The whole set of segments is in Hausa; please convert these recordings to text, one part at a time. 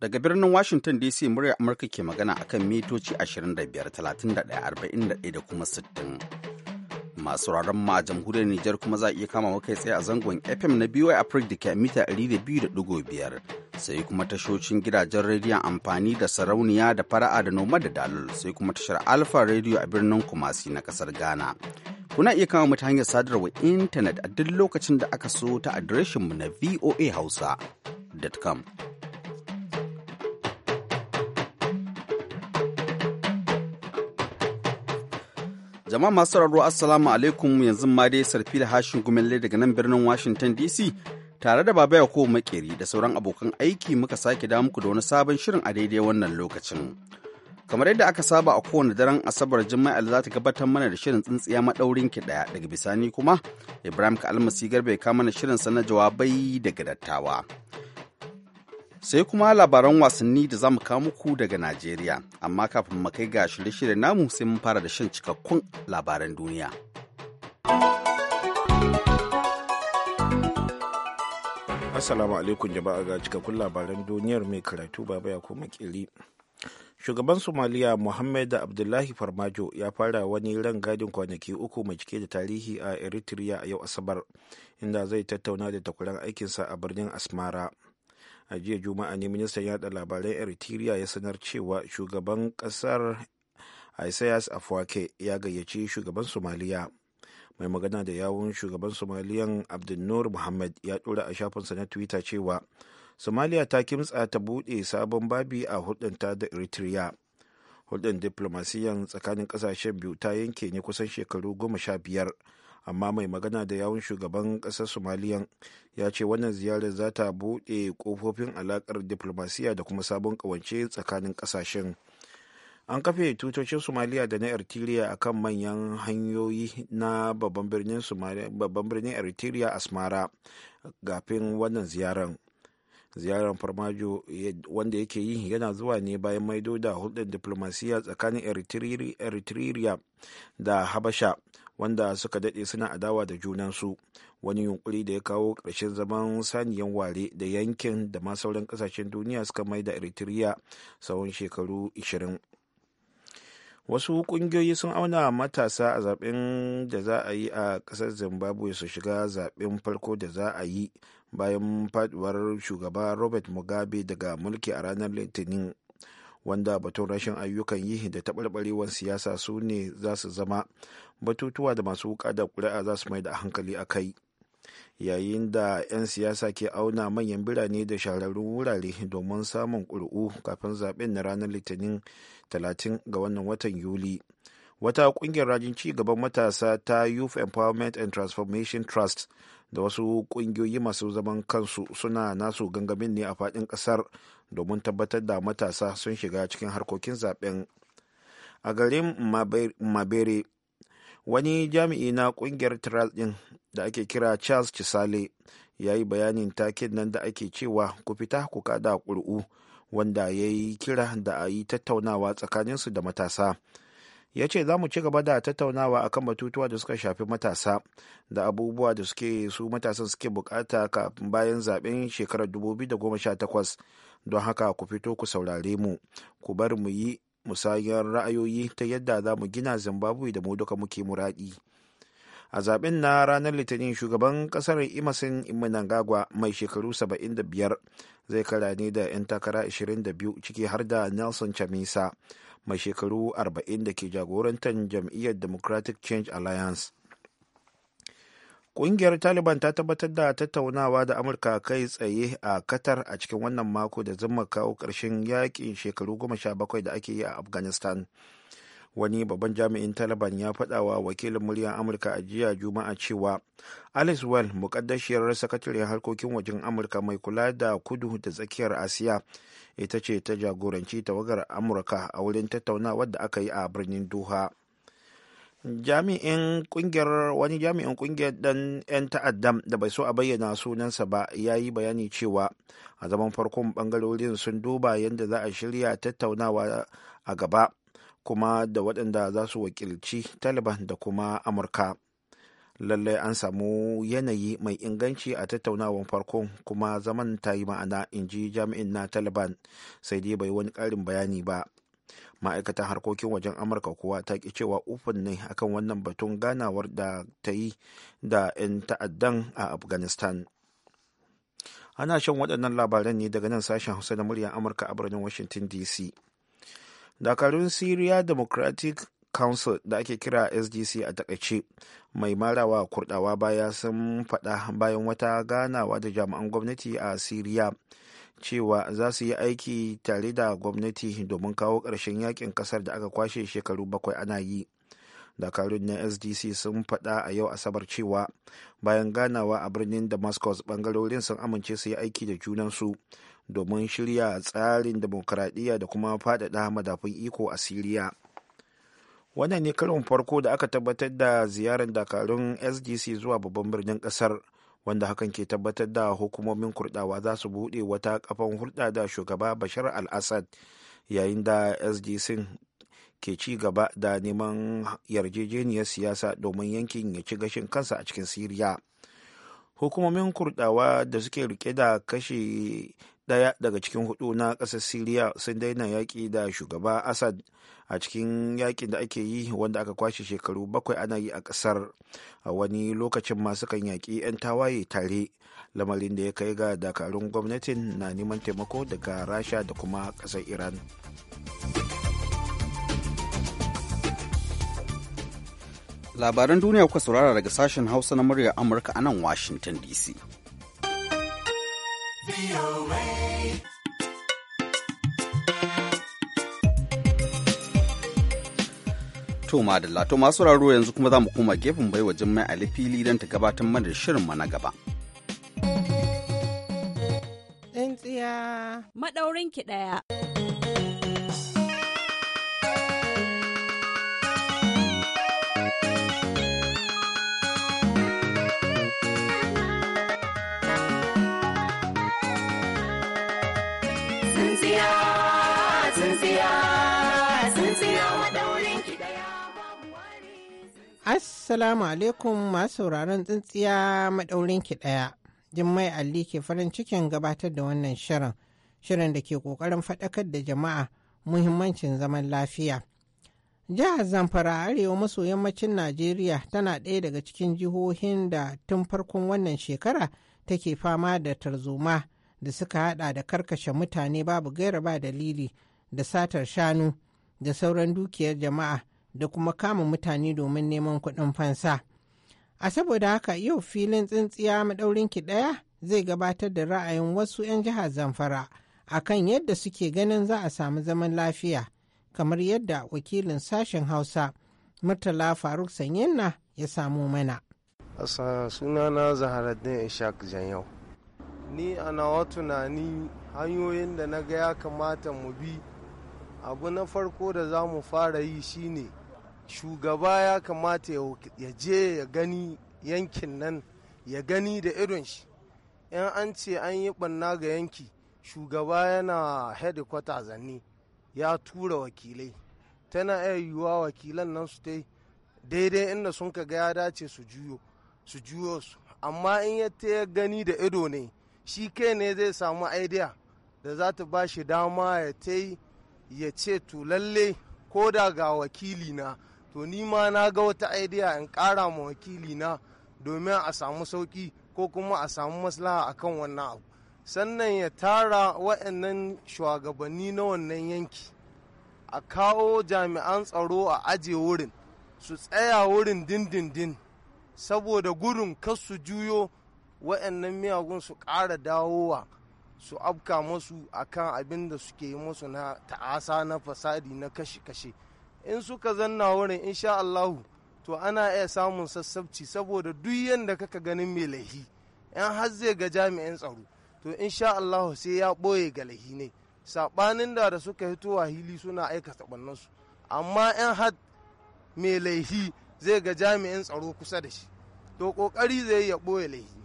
Daga birnin Washington DC murya Amurka ke magana akan mitoci 25, 31, da kuma 60. Masu raron ma a jamhuriyar Nijar kuma za a iya kama kai tsaye a zangon FM na BY Africa da ke mita 200.5 sai kuma tashocin gidajen rediyon amfani da sarauniya da fara'a da noma da dalil sai kuma tashar Alfa rediyo a birnin Kumasi na kasar Ghana. Kuna iya kama mu ta hanyar sadarwa intanet a duk lokacin da aka so ta adireshinmu na voa voahausa.com. Jama'a masu sauraro Assalamu alaikum yanzu ma dai sarfi da hashin gumelle daga nan birnin Washington DC tare da Baba Yakubu Makeri da sauran abokan aiki muka sake da muku da wani sabon shirin a daidai wannan lokacin. Kamar yadda aka saba a kowane daren Asabar Juma'a za ta gabatar mana da shirin tsintsiya maɗaurin ki ɗaya daga bisani kuma Ibrahim Kalmasi Garba ya kama na shirin sana jawabai daga dattawa. sai kuma labaran wasanni da za mu kawo muku daga Najeriya. Amma kafin mu kai ga shirye-shirye namu sai mun fara da shan cikakkun labaran duniya. Assalamu alaikum jama'a ga cikakkun labaran duniyar mai karatu baba ya kuma kiri. Shugaban Somaliya Muhammad Abdullahi Farmajo ya fara wani ran gadin kwanaki uku mai cike da tarihi a Eritrea a yau Asabar, inda zai tattauna da takwaran aikinsa a birnin Asmara. a jiya juma'a ne ministan yada labaran eritrea ya sanar cewa shugaban kasar isaias afwake ya gayyace shugaban somaliya mai magana da yawun shugaban somaliyan abdulnur muhammad ya dora a shafinsa na twitter cewa somaliya ta kimtsa ta buɗe sabon babi a hudunta da eritrea hulɗar diplomasiyan tsakanin ƙasashen biyu ta yanke ne kusan shekaru goma sha biyar amma mai magana da yawun shugaban ƙasar somaliyan ya ce wannan ziyarar za ta buɗe ƙofofin alaƙar diplomasiya da kuma sabon ƙawance tsakanin ƙasashen an kafe tutocin somaliya da na eritrea a kan manyan hanyoyi na babban birnin eritrea asmara gafin wannan ziyarar ziyarar farmajo wanda yake yi yana zuwa ne bayan maido da hulɗar diplomasiya tsakanin eritrea da habasha wanda suka daɗe suna adawa da junansu wani yunkuri da ya kawo ƙarshen zaman saniyan ware da yankin da ma sauran ƙasashen duniya suka mai da eritrea tsawon shekaru 20 wasu ƙungiyoyi sun auna matasa a zaɓen da za a yi a ƙasar zimbabwe su shiga zaɓen farko da za a yi bayan faduwar shugaba robert mugabe daga mulki a ranar litinin wanda batun rashin ayyukan yi da taɓarɓarewar siyasa su ne za su zama batutuwa da masu wuka da ƙuri'a za su mai da hankali a kai yayin da 'yan siyasa ke auna manyan birane da shahararrun wurare domin samun ƙuri'u kafin zaɓen na ranar litinin 30 ga wannan watan yuli wata ƙungiyar rajin ci gaban matasa ta youth empowerment and transformation trust da wasu ƙungiyoyi masu zaman kansu suna nasu gangamin ne a faɗin ƙasar domin tabbatar da matasa sun shiga cikin harkokin zaben a garin mabere wani jami'i na kungiyar tiral din da ake kira charles chisale ya yi bayanin takin nan da ake cewa ku fita ku kada ƙuri'u wanda ya yi kira da a yi tattaunawa tsakaninsu da matasa ya ce za mu ci gaba da tattaunawa akan batutuwa da suka shafi matasa da abubuwa da suke su matasan suke bukata kafin bayan zaben shekarar 2018 don haka ku fito ku saurare mu ku bar mu yi musayar ra'ayoyi ta yadda za mu gina zimbabwe da mu duka muke muradi a zaben na ranar litinin shugaban kasar imasin imanangagwa mai shekaru 75 zai kara ne da 'yan takara 22 ciki har da nelson chamisa mai shekaru 40 da ke jagorantar jam'iyyar democratic change alliance ƙungiyar taliban ta tabbatar da tattaunawa da amurka kai tsaye a qatar a cikin wannan mako da zama kawo ƙarshen yakin shekaru 17 da ake yi a afghanistan wani babban jami'in taliban ya faɗa wa wakilin muryar amurka a jiya juma'a cewa alice well mukaddashiyar sakatare harkokin wajen amurka mai kula da kudu da tsakiyar asiya ita ce ta jagoranci tawagar amurka a wurin tattaunawar da aka yi a birnin duha jami'in kungiyar wani jami'in kungiyar dan 'yan ta'addam da bai so a bayyana sunansa ba ya yi bayani cewa a zaman farkon bangarorin sun duba yadda za a shirya tattaunawa a gaba kuma da waɗanda za su wakilci taliban da kuma amurka lallai an samu yanayi mai inganci a tattaunawar farkon kuma zaman ta yi ma'ana in ji jami'in na taliban sai dai bai wani ƙarin bayani ba ma'aikatan harkokin wajen amurka kuwa ta ki cewa ufin ne akan wannan batun ganawar da ta yi da 'yan ta'addan a afghanistan ana shan waɗannan labaran ne daga nan sashen hausa na muryar amurka a birnin washington dc dakarun syria democratic council da ake kira sdc a takaice mai marawa kurdawa baya sun faɗa bayan wata ganawa da jami'an gwamnati a syria cewa za su yi aiki tare da gwamnati domin kawo ƙarshen yakin ƙasar da aka kwashe shekaru bakwai ana yi dakarun na sdc sun faɗa a yau asabar cewa bayan ganawa a birnin damascus bangarorin sun amince su yi aiki da junansu domin shirya tsarin demokuraɗiyya da kuma faɗaɗa madafun iko a siriya wannan ne karin farko da aka tabbatar da ziyarar dakarun sdc zuwa babban birnin kasar wanda hakan ke tabbatar da hukumomin kurdawa za su bude wata kafan hulɗa da shugaba bashar al-assad yayin da sdc ke ci gaba da neman yarjejeniyar siyasa domin yankin ya ci gashin kansa a cikin siriya hukumomin kurdawa da suke rike da kashe daya daga cikin hudu na ƙasar siriya sun daina yaƙi da shugaba assad a cikin yaƙin da ake yi wanda aka kwashe shekaru bakwai ana yi a ƙasar a wani lokacin masu kan yaƙi 'yan tawaye tare lamarin da ya kai ga dakarun gwamnatin na neman taimako daga rasha da kuma ƙasar iran labaran duniya kuka saurara daga sashen hausa na muryar amurka a nan washington dc To madalla to masu raro yanzu kuma za mu koma gefen baiwa Jummai Ali fili don ta gabatar mana shirin shirinmu na gaba. Tsintsiya maɗaurinki ɗaya. Assalamu alaikum masu sauraron tsintsiya maɗaurin ki ɗaya. Jummai Ali ke farin cikin gabatar da wannan shirin, shirin da ke ƙoƙarin faɗakar da jama'a muhimmancin zaman lafiya. Jihar Zamfara Arewa maso yammacin Najeriya tana ɗaya daga cikin jihohin da tun farkon wannan shekara take fama da tarzoma da suka haɗa da karkashe mutane babu gaira ba dalili da satar shanu da sauran dukiyar jama'a. da kuma kama mutane domin neman kuɗin fansa. A saboda haka yau filin tsintsiya maɗaurin ki ɗaya zai gabatar da ra'ayin wasu 'yan jihar Zamfara a kan yadda suke ganin za a samu zaman lafiya, kamar yadda wakilin sashen Hausa Murtala Faruk Sanyenna ya samo mana. sunana Zaharaddin Ishaq Janyau. Ni a nawa tunani hanyoyin da na ga ya kamata mu bi abu na farko da za mu fara yi shine shugaba ya kamata ya je ya gani yankin nan ya gani da idon shi in an ce an yi ɓanna ga yanki shugaba yana hedikwata zanni ya tura wakilai tana iya yiwuwa wakilan nan su tai daidai inda sun ka ga ya dace su juyo su juyo su amma in ya ta ya gani da ido ne shi kai ne zai samu idea da za ta ba shi dama ya ta ya ce to lalle ko da ga wakili na to ni ma na ga wata idea in kara ma wakili na domin a samu sauki ko kuma a samu maslaha akan wannan abu sannan ya tara waɗannan shugabanni na wannan yanki a kawo jami'an tsaro a aje wurin su tsaya wurin dindindin saboda gudun kar su juyo waɗannan miyagun su ƙara dawowa su afka masu akan abin da suke yi musu na ta'asa na fasadi na kashe-kashe in suka zanna wurin insha Allahu to ana iya samun sassabci saboda duk yanda kaka ganin mai laihi yan har zai ga jami'in tsaro to insha Allahu sai ya ɓoye ga lahi ne saɓanin da da suka hitowa hili suna aikata su amma yan had mai laihi zai ga jami'in tsaro kusa da shi to ƙoƙari zai ya ɓoye laihi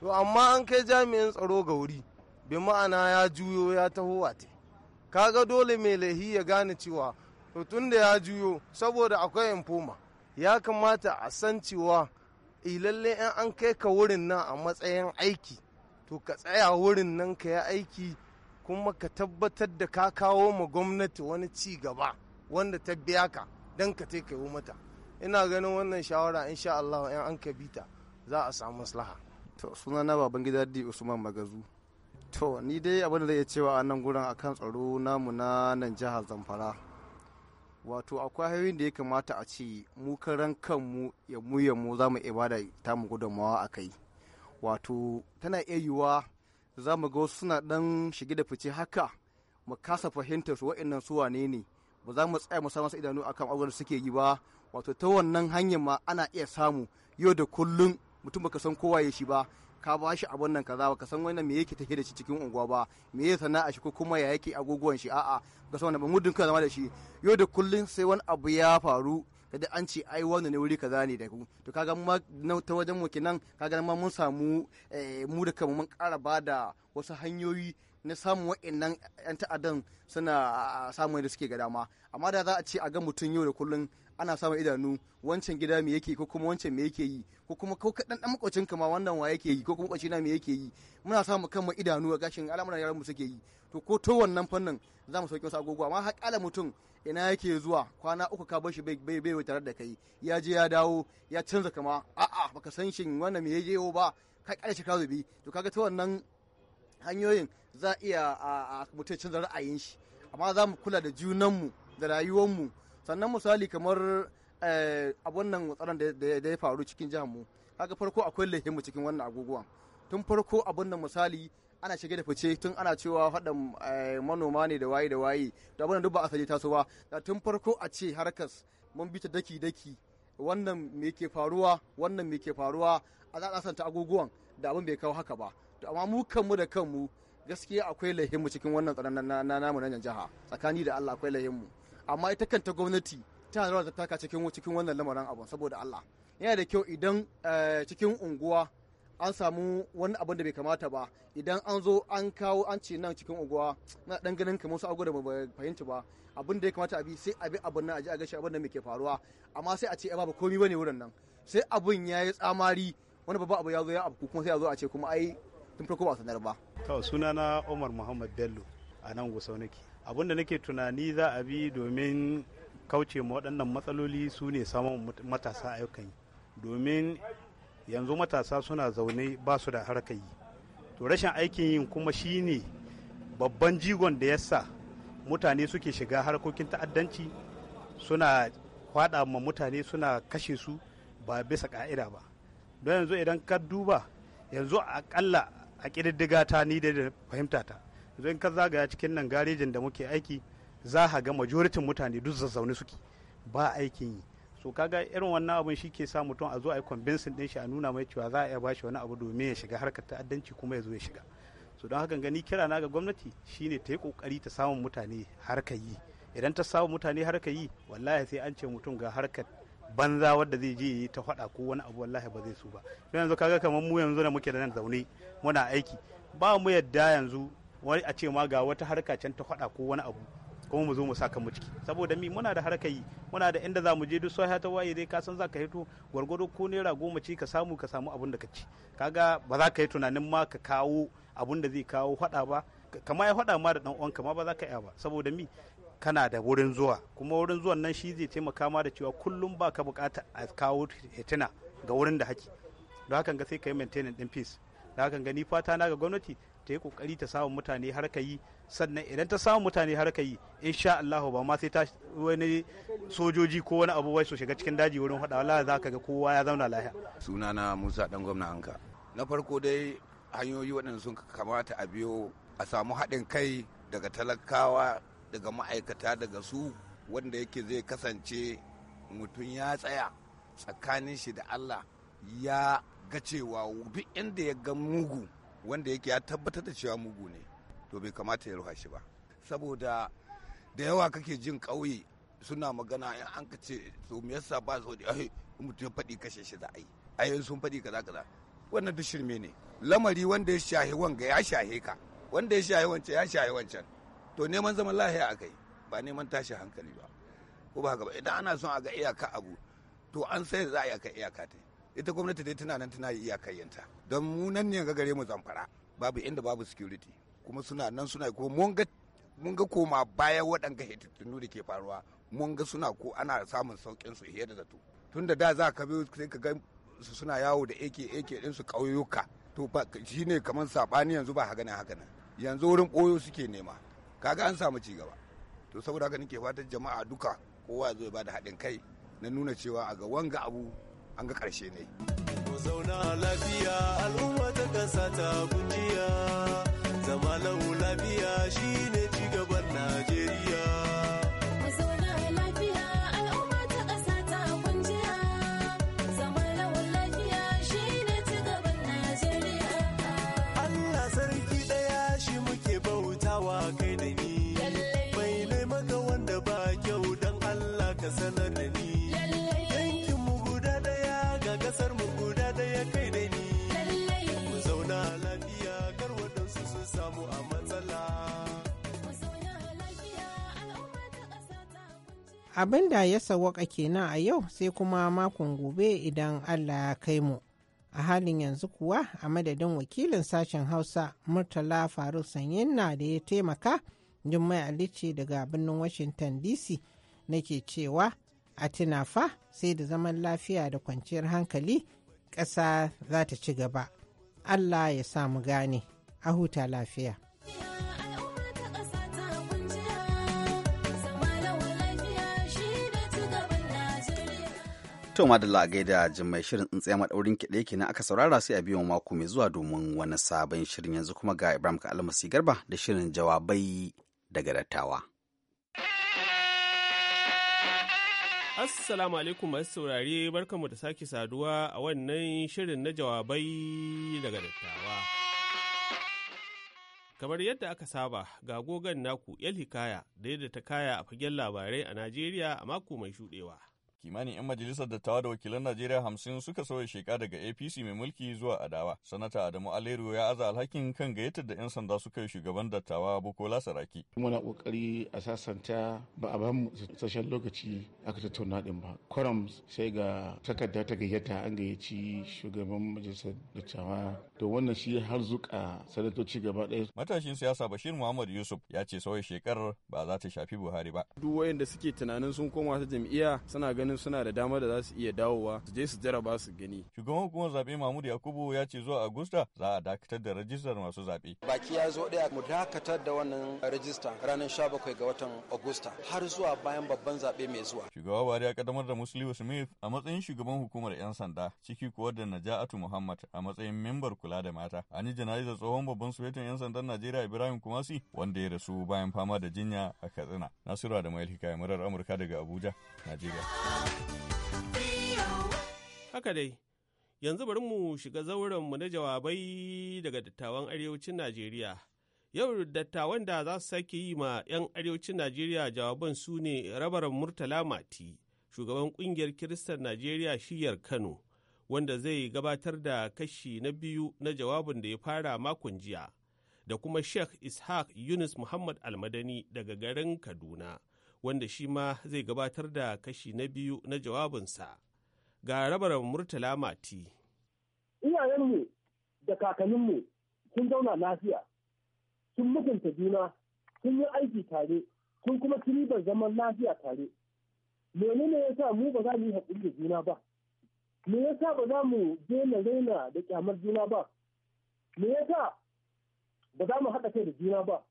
to amma an kai jami'in tsaro ga wuri bi ma'ana ya juyo ya taho a kaga dole mai laihi ya gane cewa to tun da ya juyo saboda akwai infoma ya kamata a san cewa ilalle eh, in an kai ka wurin nan a matsayin aiki to ka tsaya wurin nan ka yi aiki kuma ka tabbatar da ka kawo ma gwamnati wani ci gaba wanda ta biya ka don ka kai mata ina ganin wannan shawara sha Allah in an ka bita za a samu maslaha to suna na baban gida di usman magazu to ni dai abin da zai cewa a nan gurin akan tsaro namu na nan jihar zamfara wato akwai hanyoyin da ya kamata a ce mu karan kanmu ya mu ya mu za mu ibada ta mu gudunmawa a kai wato tana iya yiwuwa za mu ga suna dan shige da fice haka mu kasa fahimtar su wa'annan su wane ne ba za mu tsaya mu sa masa idanu akan abubuwan da suke yi ba wato ta wannan hanyar ma ana iya samu yau da kullum mutum baka san kowa ya shi ba ka ba shi abun nan kaza ka san wannan me yake take da shi cikin unguwa ba me yake sana'a shi ko kuma ya yake agogon shi a'a ga san ban muddin ka zama da shi yau da kullun sai wani abu ya faru kada an ce ai wannan ne wuri kaza ne da ku to kaga ma ta wajen mu kenan kaga ma mun samu eh, mu da kanmu mun ƙara bada wasu hanyoyi na samun wa'annan 'yan ta'addan suna samun da suke ga dama amma da za a ce a ga mutum yau da kullun ana samun idanu wancan gida me yake ko kuma wancan me yake yi ko kuma ko kaɗan makocin ka ma wannan wa yake yi ko kuma kwacina me yake yi muna samun kanmu idanu a gashin al'amuran yaran mu suke yi to ko to wannan fannin za mu sauke wasu agogo amma har mutum ina yake zuwa kwana uku ka bar shi bai bai bai tare da kai ya je ya dawo ya canza kama a'a baka san shin wannan me yaje ba ka ƙara shi ka zubi to kaga ta wannan hanyoyin za a iya mutum canza ra'ayin shi amma za mu kula da junanmu da rayuwanmu sannan misali kamar eh, a wannan tsaron da ya faru cikin jihar mu kaga farko akwai laifin mu cikin wannan agogowa tun farko abin da misali ana shige da fice tun ana cewa faɗan eh, manoma ne da waye da waye da abin da duk ba a taso ba da tun farko a ce harkas mun bi ta daki daki wannan me ke faruwa wannan me ke faruwa a za a santa agogowan da abin bai kawo haka ba to amma mu kanmu da kanmu gaskiya akwai lahinmu cikin wannan tsaron na namu na jiha tsakani da Allah akwai mu amma ita kanta gwamnati tana rawar da taka cikin cikin wannan lamarin abu saboda Allah yana da kyau idan eh, cikin unguwa an samu wani abin da bai kamata ba idan an zo an kawo an ce nan cikin unguwa na dan ganin kamar su agogo ba fahimci ba abin da ya kamata a bi sai a bi abin nan a ji a gashi abin da ke faruwa amma sai a ce ba komai bane wurin nan sai abin ya yi tsamari wani babba abu ya zo ya abu kuma sai a zo a ce kuma ai tun farko ba sanar ba kawai sunana Umar Muhammad Bello a nan Gusau nake abin da nake tunani za a bi domin kauce ma waɗannan matsaloli su ne samun matasa ayyukan yi domin yanzu matasa suna zaune ba su da harka yi to rashin aikin yin kuma shi ne babban jigon da yasa mutane suke shiga harkokin ta'addanci suna kwada ma mutane suna kashe su ba bisa ka'ida ba don yanzu idan ka duba yanzu akalla a ƙididdiga ta ni da fahimta ta idan ka zagaya cikin nan garejin da muke aiki za a ga majoritin mutane duk zazzaune suke ba aikin yi so kaga irin wannan abin shi ke sa mutum a zo a yi convincing din shi a nuna mai cewa za a iya ba shi wani abu domin ya shiga harkar ta'addanci kuma ya zo ya shiga so don haka gani kira na ga gwamnati shine ta yi kokari ta samun mutane harkar yi idan ta samu mutane harkar yi wallahi sai an ce mutum ga harkar banza wadda zai je yi ta faɗa ko wani abu wallahi ba zai su ba yanzu kaga kamar mu yanzu da muke da nan zaune muna aiki ba mu yadda yanzu wai a ce ma ga wata harka can ta faɗa ko wani abu kuma mu zo mu saka mu ciki saboda mi muna da harka yi muna da inda za mu je duk soyayya ta waye dai ka san za ka hito gwargwado ko naira goma ci ka samu ka samu abun da ka ci kaga ba za ka yi tunanin ma ka kawo abun da zai kawo faɗa ba kama ya faɗa ma da dan uwanka ma ba za ka iya ba saboda mi kana da wurin zuwa kuma wurin zuwan nan shi zai taimaka ma da cewa kullum ba ka bukata a kawo hitina ga wurin da haki don haka ga sai ka yi maintaining din peace da hakan gani fata na ga gwamnati ta yi kokari ta samu mutane har ka yi sannan idan ta samu mutane har ka yi insha Allah ba ma sai ta wani sojoji ko wani abu wai su shiga cikin daji wurin hada wala za ka ga kowa ya zauna lafiya sunana Musa dan gwamna anka na farko dai hanyoyi waɗanda sun kamata a biyo a samu haɗin kai daga talakawa daga ma'aikata daga su wanda yake zai kasance mutum ya tsaya tsakanin shi da Allah ya ga cewa duk inda ya ga mugu wanda yake ya tabbatar da cewa mugu ne to bai kamata ya ruha shi ba saboda da yawa kake jin ƙauye suna magana in an ka ce to me yasa ba su da ai mutum ya faɗi kashe shi da ai ai sun faɗi kaza kaza wannan duk shirme ne lamari wanda ya shahi wanga ya shahe ka wanda ya shahi wancan ya shahi wancan to neman zaman lahiya akai ba neman tashi hankali ba ko ba haka ba idan ana son a ga iyaka abu to an sai za a yi aka iyaka ta ita gwamnati dai tana nan tana yi iyakayyanta don mu nan ne ga gare mu zamfara babu inda babu security kuma suna nan suna ko mun ga mun ga koma baya waɗanga hitattunu da ke faruwa mun ga suna ko ana samun saukin su fiye da zato tun da da za ka bi sai ka ga su suna yawo da ake ake din su ƙauyuka to ba shine kamar sabani yanzu ba haka nan haka nan yanzu wurin ɓoyo suke nema kaga an samu ci gaba to saboda haka nake fatan jama'a duka kowa zai ba da haɗin kai na nuna cewa a ga wanga abu an ga ƙarshe ne. Ku zauna lafiya al'umma ta kasa ta kujiya, zama lahu lafiya ne abin da ya sawaka kenan a yau sai kuma makon gobe idan allah ya kai mu a halin yanzu kuwa a madadin wakilin sashen hausa murtala faruk na da ya taimaka jummai alice daga birnin washington dc nake cewa a tunafa sai da zaman lafiya da kwanciyar hankali ƙasa za ta ci gaba allah ya samu gane a huta lafiya. To madalla gaida jimmai shirin tsintsiya maɗaurin kiɗe kenan aka saurara sai a biyan mako mai zuwa domin wani sabon shirin yanzu kuma ga Ibrahim ka almasi garba da shirin jawabai daga dattawa. Assalamu alaikum masu saurare barkanmu da sake saduwa a wannan shirin na jawabai daga dattawa. Kamar yadda aka saba ga gogon naku 'yan Hikaya da yadda ta kaya a fagen labarai a Najeriya a mako mai shuɗewa. kimanin 'yan majalisar dattawa da wakilan Najeriya hamsin suka sauya sheka daga APC mai mulki zuwa adawa. Sanata Adamu Alero ya aza alhakin kan gayyatar da 'yan sanda suka yi shugaban dattawa Bukola Saraki. Muna kokari a sasanta ba a bamu sashen lokaci aka tattauna din ba. Kwaram sai ga takarda ta gayyata an gayyaci shugaban majalisar dattawa to wannan shi har zuka sanatoci gaba ɗaya. Matashin siyasa Bashir Muhammad Yusuf ya ce sauye shekarar ba za ta shafi Buhari ba. Duk wayanda suke tunanin sun koma ta jam'iyya suna ganin suna da dama da za su iya dawowa su je su jaraba su gani. Shugaban hukumar zaɓe Mahmud Yakubu ya ce zuwa Agusta za a dakatar da rajistar masu zaɓe. Baki ya zo ɗaya mu dakatar da wannan rajista ranar bakwai ga watan Agusta har zuwa bayan babban zaɓe mai zuwa. Shugaba Buhari ya kaddamar da Musliu Smith a matsayin shugaban hukumar 'yan sanda ciki kuwa da Naja'atu Muhammad a matsayin membar kula kula da mata. An yi tsohon babban sojojin 'yan sandan Najeriya Ibrahim Kumasi wanda ya rasu bayan fama da jinya a Katsina. Nasiru da Mail Hikaya murar Amurka daga Abuja, Najeriya. Haka dai, yanzu bari mu shiga zauren mu na jawabai daga dattawan arewacin Najeriya. Yau dattawan da za su sake yi ma 'yan arewacin Najeriya jawaban su ne rabaran Murtala Mati, shugaban kungiyar Kiristan Najeriya shiyar Kano. wanda zai gabatar da kashi na biyu na jawabin da ya fara makon jiya da kuma sheikh ishaq yunus muhammad almadani daga garin kaduna wanda shi ma zai gabatar da kashi na biyu na jawabinsa ga rabar murtala mati iyayenmu da kakanninmu sun zauna lafiya sun mutunta juna sun yi aiki tare sun kuma ci zaman lafiya tare menene ya sa mu ba za mu yi haƙuri da juna ba me ya sa ba za mu na raina da kyamar juna ba me yasa ba za mu haɗa kai da juna ba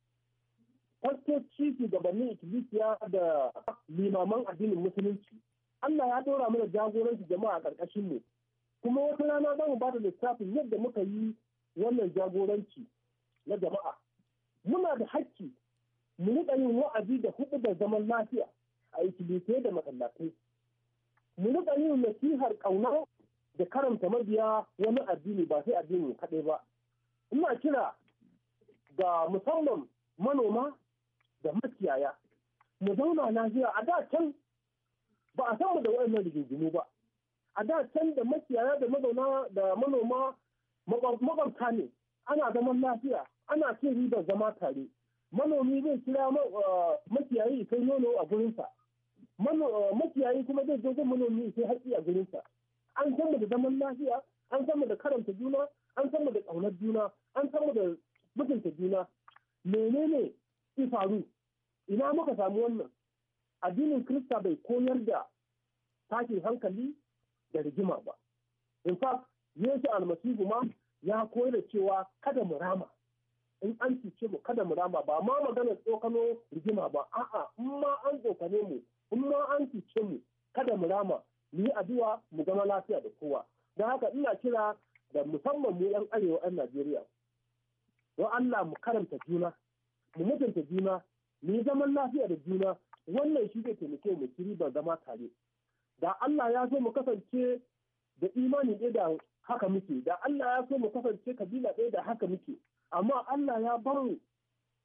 fastoci gabanin Ikilisiya da limaman addinin musulunci Allah ya ɗora mana jagoranci jama'a a ƙarƙashin mu kuma wata rana za mu ba da lissafin yadda muka yi wannan jagoranci na jama'a muna da hakki mu riƙa yin wa'azi da hudu da zaman lafiya a ikilisiya da masallatai mu riƙa yin nasihar ƙauna da karanta mabiya wani addini ba sai addini kaɗai ba ina kira ga musamman manoma da makiyaya mu zauna lafiya a da can ba a mu da wayannan rigingimu ba a da can da makiyaya da mazauna da manoma maƙwabta ne ana zaman lafiya ana cin ribar zama tare manomi zai kira eh, makiyayi kai nono a gurinsa Eh, makiyayi kuma zai je manomi sai haƙƙi a sa an san mu da zaman lafiya an san mu da karanta juna an san mu da ƙaunar juna an san mu da mutunta juna menene ya faru ina muka samu wannan addinin kirista bai koyar da tashin hankali da rigima ba in fact yesu almasihu ma ya koyar da cewa kada mu rama in an cuce mu kada mu rama ba ma maganar tsokano rigima ba a'a in ma an tsokane mu in ma an cuce mu kada mu rama mu yi addu'a mu zama lafiya da kowa don haka ina kira da musamman mu yan arewa yan najeriya don allah mu karanta juna mu mutunta juna mu yi zaman lafiya da juna wannan shi zai taimake mu kiri ban zama tare da allah ya so mu kasance da imani ɗaya da haka muke da allah ya so mu kasance kabila ɗaya da haka muke amma allah ya bar mu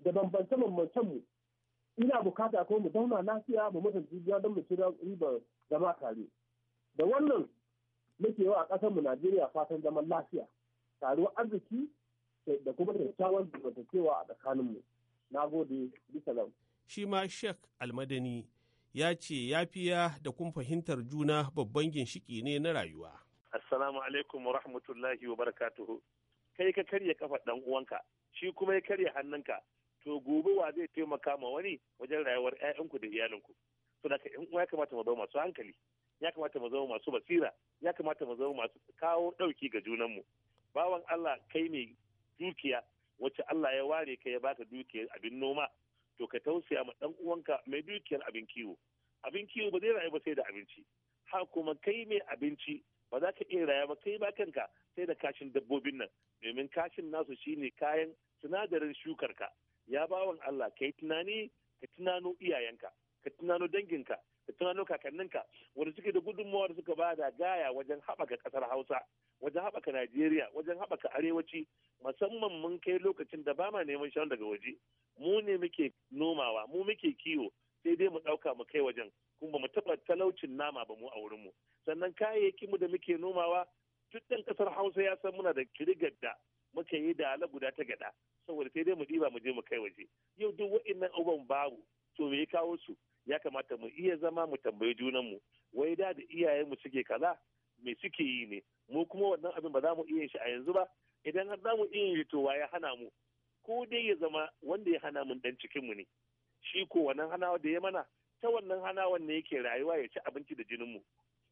da bambance bambancen mu ina bukata ko mu zauna lafiya mu mutunta juna don mu ci riba zama tare da wannan muke yawa a ƙasar mu Najeriya fatan zaman lafiya taruwar arziki da kuma kyakkyawan zamantakewa a tsakanin mu na gode bisa lau shi ma Sheikh Almadani ya ce ya fiya da kun fahimtar juna babban ginshiki ne na rayuwa assalamu alaikum wa rahmatullahi wa barakatuhu kai ka karya kafa ɗan uwanka shi kuma ya karya hannunka to gobe wa zai taimaka ma wani wajen rayuwar 'ya'yanku da iyalinku so da in ya kamata mu zama masu hankali ya kamata mu zama masu basira ya kamata mu zama masu kawo ɗauki ga junanmu bawan Allah kai ne dukiya wacce Allah ya ware ka ya baka dukiyar abin noma to ka tausaya ma dan uwanka mai dukiyar abin kiwo abin kiwo ba zai rayu ba sai da abinci ha kuma kai mai abinci ba za ka iya rayuwa ba kai ba kanka sai da kashin dabbobin nan domin kashin nasu shine kayan sinadarin shukarka ya bawan Allah ka yi tunani ka tunano iyayenka ka tunano danginka ka tunano kakanninka wanda suke da gudunmawa da suka ba da gaya wajen haɓaka ƙasar Hausa wajen haɓaka Najeriya wajen haɓaka arewaci musamman mun kai lokacin da ba ma neman shanu daga waje mu ne muke nomawa mu muke kiwo sai dai mu ɗauka mu kai wajen kuma ba mu taɓa talaucin nama ba mu a mu sannan kayayyakin mu da muke nomawa duk ɗan ƙasar hausa ya san muna da kirigar da muka yi da ala guda ta gada saboda sai dai mu diba mu je mu kai waje yau duk wa'annan abubuwan babu to me ya kawo su ya kamata mu iya zama mu tambayi junan mu wai da da iyayen mu suke kaza me suke yi ne mu kuma wannan abin ba za mu iya shi a yanzu ba idan har za mu iya yi to ya hana mu ko dai ya zama wanda ya hana mun dan cikin mu ne shi ko wannan hanawa da ya mana ta wannan hanawan ne yake rayuwa ya ci abinci da jinin mu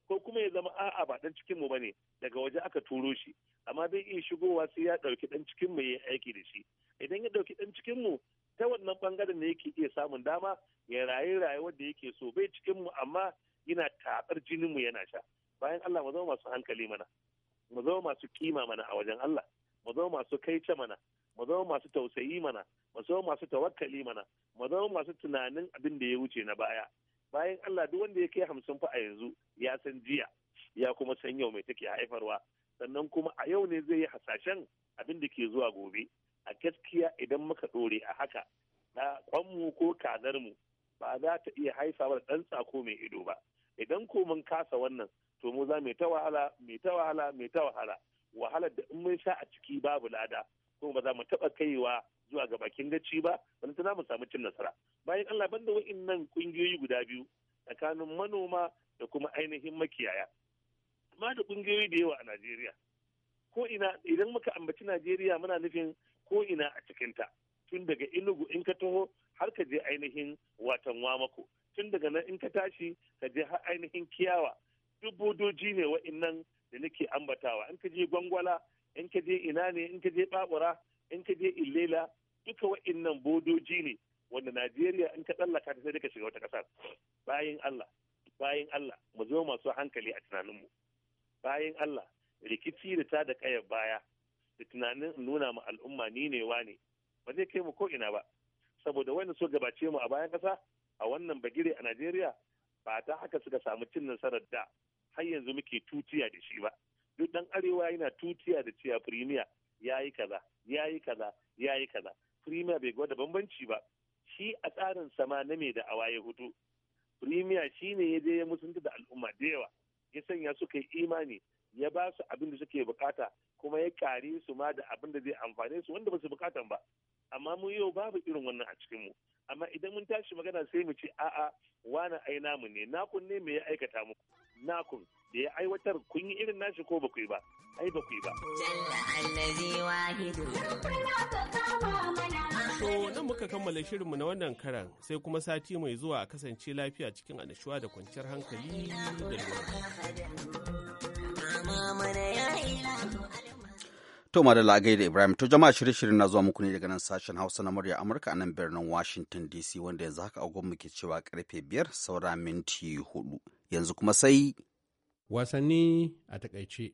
ko kuma ya zama a'a ba dan cikin mu bane daga waje aka turo shi amma bai iya shigowa sai ya dauki dan cikin mu yi aiki da shi idan ya dauki dan cikin mu ta wannan bangaren ne yake iya samun dama ya rayu rayuwar da yake so bai cikin mu amma yana tabar jinin mu yana sha bayan Allah mu zama masu hankali mana mu zama masu kima mana a wajen Allah mu zama masu kaice mana mu zama masu tausayi mana mu zama masu tawakkali mana mu zama masu tunanin abin da ya wuce na baya bayan Allah duk wanda ya kai hamsin fa a yanzu ya san jiya ya kuma san yau mai take haifarwa sannan kuma a yau ne zai yi hasashen abin da ke zuwa gobe a gaskiya idan muka dore a haka na kwanmu ko kazarmu ba za ta iya haifawa da ɗan sako mai ido ba idan ko mun kasa wannan to mu za mai ta wahala mai ta wahala mai ta wahala wahalar da in mun sha a ciki babu lada ko ba za mu taɓa kaiwa zuwa ga bakin gaci ba wani ta mu samu cin nasara bayan Allah banda wa'innan kungiyoyi guda biyu tsakanin manoma da kuma ainihin makiyaya amma da ƙungiyoyi da yawa a Najeriya ko ina idan muka ambaci Najeriya muna nufin ko ina a cikinta tun daga Enugu in ka taho har ka je ainihin watan Wamako tun daga nan in ka tashi ka je har ainihin Kiyawa duk bodoji ne wa'innan da nake ambatawa in ka je Gwangwala in ka je ina ne in ka je Babura in ka je Illela duka wa'innan bodoji ne wanda Najeriya in ka tsallaka ta sai ka shiga wata ƙasar bayan Allah bayan Allah mu zo masu hankali a tunaninmu bayan Allah rikici da ta da kayar baya da tunanin nuna ma al'umma ni ne ne ba zai kai mu ko'ina ba saboda wani so gabace mu a bayan ƙasa a wannan bagire a Najeriya ba ta haka suka samu cin nasarar da har yanzu muke tutiya da shi ba duk ɗan arewa yana tutiya da cewa firimiya ya yi kaza ya yi kaza ya yi kaza firimiya bai gwada bambanci ba shi a tsarin sama na mai da awaye hudu firimiya shi ne ya je ya mutunta da al'umma da yawa ya sanya suka yi imani ya ba su abin da suke bukata kuma ya kare su ma da abin da zai amfane su wanda ba su bukata ba amma mu yau babu irin wannan a cikin mu amma idan mun tashi magana sai mu ce a'a wani ai namu ne nakun ne me ya aikata muku nakun da ya aiwatar kun yi irin nashi ko bakwai ba ai bakwai ba jalla zai wahidu mana To nan muka kammala shirinmu na wannan karan sai kuma sati mai zuwa a kasance lafiya cikin annashuwa da kwanciyar hankali da To madalla gai da Ibrahim to jama'a shirye shirye na zuwa muku ne daga nan sashen Hausa na murya Amurka a nan birnin Washington DC wanda yanzu haka agon muke cewa karfe biyar saura minti hudu yanzu kuma sai wasanni a takaice.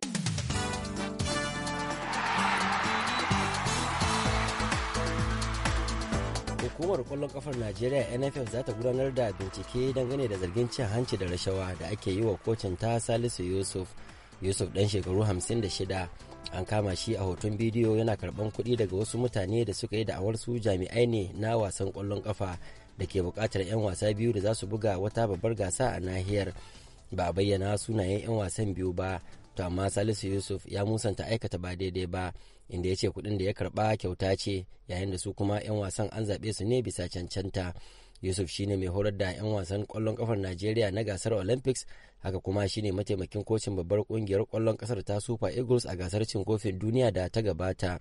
hukumar kwallon kafar najeriya nff za ta gudanar da bincike dangane da zargin cin hanci da rashawa da ake yi wa kocin ta salisu yusuf yusuf dan shekaru 56 an kama shi a hoton bidiyo yana karban kuɗi daga wasu mutane da suka yi da'awar su jami'ai ne na wasan kwallon kafa da ke bukatar 'yan wasa biyu da za su buga wata babbar gasa a nahiyar ba a bayyana sunayen 'yan wasan biyu ba to amma salisu yusuf ya musanta aikata ba daidai ba inda ya ce kuɗin da ya karba kyauta ce yayin da su kuma 'yan wasan an zaɓe su ne bisa cancanta yusuf shine mai horar da 'yan wasan kwallon kafar najeriya na gasar olympics haka kuma shine mataimakin kocin babbar kungiyar kwallon kasar ta super eagles a gasar cin kofin duniya da ta gabata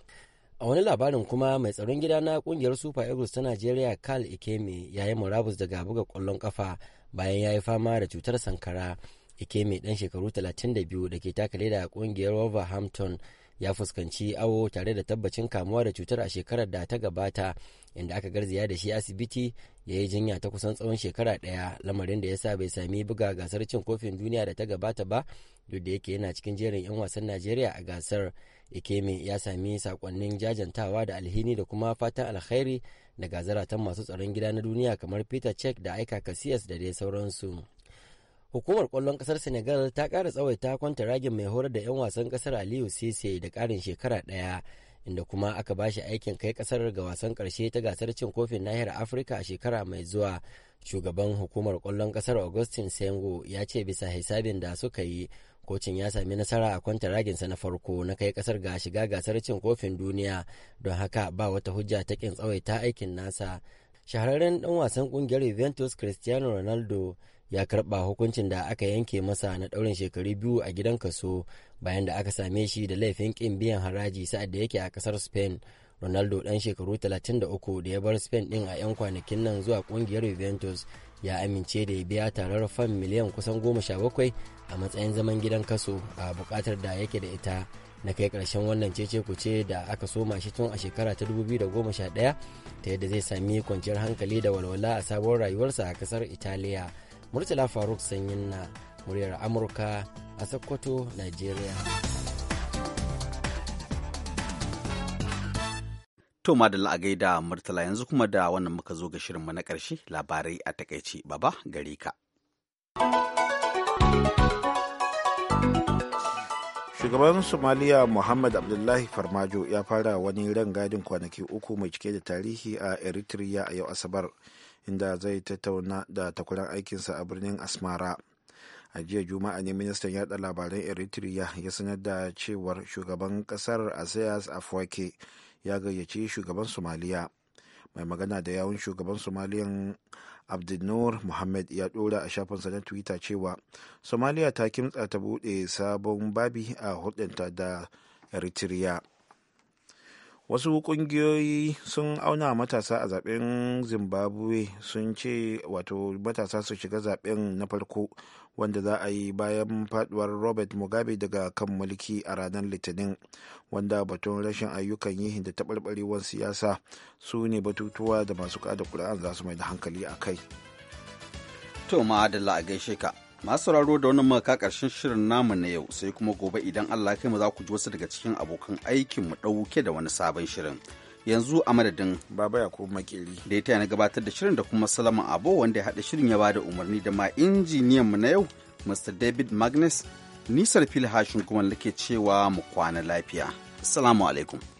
a wani labarin kuma mai tsaron gida na kungiyar super eagles ta najeriya karl ikemi ya yi murabus daga buga kwallon kafa bayan ya yi fama da cutar sankara ike mai dan shekaru 32 da ke taka leda a kungiyar wolverhampton ya fuskanci awo tare da tabbacin kamuwa da cutar a shekarar da ta gabata inda aka garzaya da shi asibiti ya yi jinya ta kusan tsawon shekara daya lamarin da ya sa bai sami buga gasar cin kofin duniya da ta gabata ba duk da yake yana cikin jerin 'yan wasan najeriya a gasar ikeme ya sami sakonnin jajantawa da alhini da kuma fatan alkhairi daga zaratan masu tsaron gida na duniya kamar peter check da aika casillas da dai sauransu. Hukumar kwallon kasar Senegal ta ƙara tsawaita kwanta ragin mai horar da 'yan wasan kasar Aliyu Sese da karin shekara ɗaya, inda kuma aka ba shi aikin kai kasar ga wasan karshe ta gasar cin kofin nahiyar Afirka a shekara mai zuwa. Shugaban hukumar kwallon kasar Augustin Sengo ya ce bisa hisabin da suka yi, kocin ya sami nasara a kwanta raginsa na farko na kai kasar ga shiga gasar cin kofin duniya, don haka ba wata hujja ta ƙin tsawaita aikin nasa. Shahararren ɗan wasan ƙungiyar Juventus Cristiano Ronaldo ya karba hukuncin da aka yanke masa na ɗaurin shekaru biyu a gidan kaso bayan da aka same shi da laifin ƙin biyan haraji sa'ad da yake a kasar spain ronaldo ɗan shekaru 33 da ya bar spain ɗin a 'yan kwanakin nan zuwa ƙungiyar juventus ya amince da ya biya tarar fam miliyan kusan 17 a matsayin zaman gidan kaso a bukatar da yake da ita na kai karshen wannan cece kuce da aka soma shi tun a shekara ta 2011 ta yadda zai sami kwanciyar hankali da walwala a sabuwar rayuwarsa a kasar italiya murtala faruk sanyin na muryar amurka a sokoto nigeria to madalla a gaida murtala yanzu kuma da wannan muka zo ga shirinmu na ƙarshe labarai a takaici baba gare ka shugaban somaliya muhammad abdullahi farmajo ya fara wani rangadin kwanaki uku mai cike da tarihi a eritrea a yau asabar inda zai tattauna da takwaran aikinsa a birnin asmara a jiya juma'a ne ministan yada labaran eritrea ya sanar da cewar shugaban kasar asias afwake ya gayyace shugaban somaliya mai magana da yawun shugaban somaliyan abdulnur muhammad ya dora a shafinsa na twitter cewa somaliya ta kimtsa ta bude sabon babi a hulɗinta da eritrea wasu kungiyoyi sun auna matasa a zaben zimbabwe sun ce wato matasa su shiga zaben na farko wanda za a yi bayan faduwar robert mugabe daga kan mulki a ranar litinin wanda batun rashin ayyukan yi da taɓarɓarewar siyasa su ne batutuwa da masu kada kura'an za su mai da hankali a kai to ma'adala a gaishe masu sauraro da wannan maka karshen shirin namu na yau sai kuma gobe idan Allah kai mu za ku ji wasu daga cikin abokan aikin mu ɗauke da wani sabon shirin yanzu a madadin baba ya kuma makeri da ya taya na gabatar da shirin da kuma salaman abo wanda ya haɗa shirin ya ba da umarni da ma injiniyan mu na yau mr david magnus nisar fil hashin kuma ke cewa mu kwana lafiya assalamu alaikum